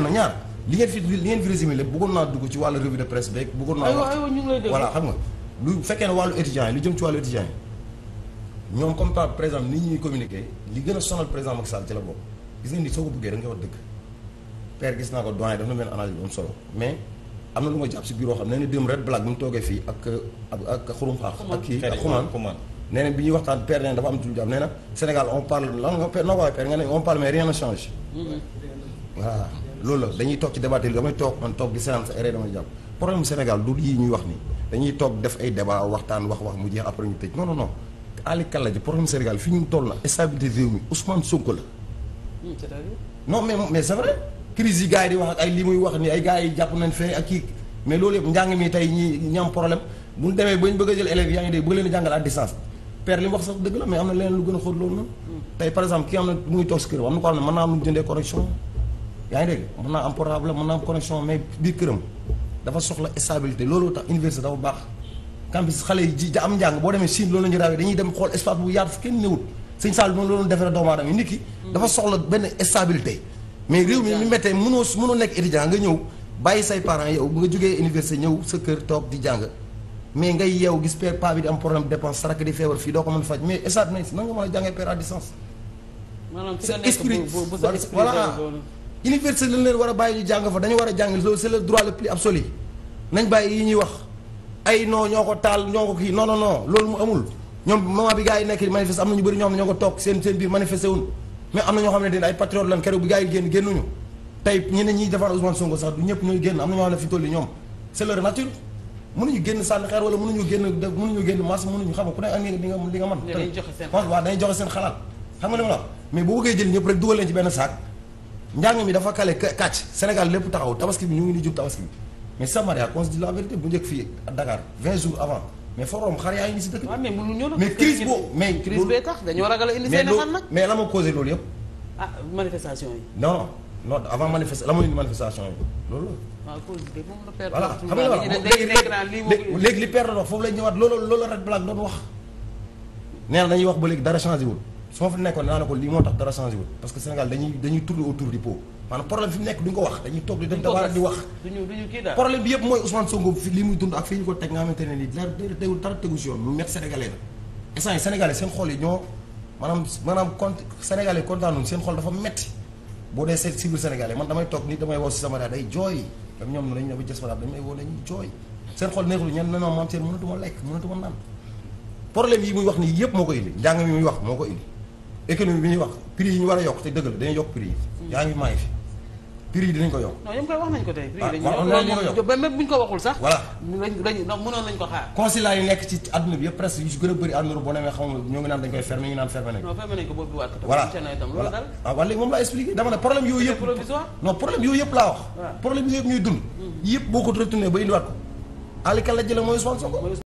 benn ñaar li ngeen fi li ngeen fi résumé lépp bëggoon naa dugg ci wàllu revue de presse beeg bëggoon naa wax voilà xam nga lu fekkee ne wàllu étudiants yi lu jëm ci wàllu étudiants yi ñoom comme par par exemple ni ñuy communiqué li gën a sonal président Macky Sall ci la bokk gis ngeen ni soo ko bëggee da nga wax dëgg père gis naa ko doyen daf na benn analyse bu solo mais am na lu ma jàpp si bureau xam ne ne dem red black bi mu toogee fii ak ak xurum xaax ak kii ak bi ñuy waxtaan père nee dafa am tuñu jàpp nee na Sénégal on parle lan nga noo ko waxee père nga ne change mm-hmm. voilà loolu la dañuy toog ci débat télé damay toog man toog di séance ay ree damay jàpp problème Sénégal du yi ñuy wax ni dañuy toog def ay débat waxtaan wax wax mu jeex après ñu tëj non non non Ali Kalla ji problème Sénégal hmm, wax li muy wax ni ay gars yi jàpp nañ fee ak kii mais loolu tey ñi ñi am problème bu ñu demee ba ñu bëgg a jël leen a jàngal à distance na leneen lu a xóot loolu toog si kër am na ko xam ne mën naa am lu mu correction yaa ngi dégg mën naa am portable mën naa am connexion mais biir këram dafa soxla stabilité loolu tax université dafa baax campus xale yi ji am njàng boo demee Chine loolu la ñu rawee dañuy dem xool espace bu yaatu fu kenn néewut sëñ Sall moom loolu defee doomu aadama yi nit ki dafa soxla benn stabilité mais réew mi mi méttee mënoo nekk étudiant nga ñëw bàyyi say parents yow bu nga jógee université ñëw sa kër toog di jàng mais ngay yeew gis père pa bi di am problème dépense sa doo ko mën faj mais université lañ leen war a bàyyi ñu jàng fa dañu war a jàng loolu c'est le droit le plus absolu nañ bàyyi yi ñuy wax ay non ñoo ko taal ñoo ko kii non non non loolu mu amul ñoom moment bi gars yi nekk manifeste am na ñu bëri ñoo xam ne ñoo ko toog seen seen biir manifesté wuñ mais am na ñoo xam ne dañ ay patriote lan keroog bi gars yi génn génnuñu tey ñeneen ñiy defar Ousmane Sonko sax du ñëpp ñooy génn am na ñoo xam ne fi toll ñoom c'est leur nature mënuñu génn sànni xeer wala mënuñu génn def mënuñu génn masse mënuñu xam nga ku ne ak li nga li nga mën waaw dañuy joxe seen xalaat xam nga li ma la wax mais boo bëggee jël ñëpp rek dugal leen ci benn saak njàng mi dafa kale kàcc Sénégal lépp taxaw tabaski bi ñu ngi ni jub tabaski bi mais Samaria qu'on se dit la vérité bu njëkk fii Dakar 20 jours avant mais forom xar yaa ngi si dëkk mais mais crise boobu mais crise bee tax dañoo ragal a indi seen xar nag mais la ma causé loolu yëpp ah, ah xam nga wala léegi li père doon wax foofu lay ñëwaat loolu loolu Red Black doon wax nee na wax ba léegi dara changé wul su ma fa nekkoon naa ne ko lii moo tax dara changé wul parce que Sénégal dañuy dañuy tourner autour du pot maanaam problème fi nekk duñ ko wax dañuy toog di dara tegu si yoon mu métti sénégalais la instant seen xol yi ñoo maanaam maanaam cont sénégalais kontaanoon seen xol dafa metti boo dee seet civil sénégalais man damay toog nit damay woo si sama rajo day jooy dam ñoom nañ neba jës ma dañu may woo dañuy jooy seen xol neexul ñen nanoo maam wax nii yëpp moo ko indi njàng wax moo ko indi économie bi ñuy wax prix yi ñu war a yokk te dëgg la dañuy yokk prix yi. yaa ngi maa fi prix yi dañu ko ah, yokk même bu moom laa expliqué dama ne problème yooyu yëpp. provisoire problème yooyu yëpp laa wax. problème yooyu yëpp ñuy dund. Mm-hmm. yëpp boo ko retourné ba indiwaat ko. Aliou la jëlee mooy Ousmane Sonko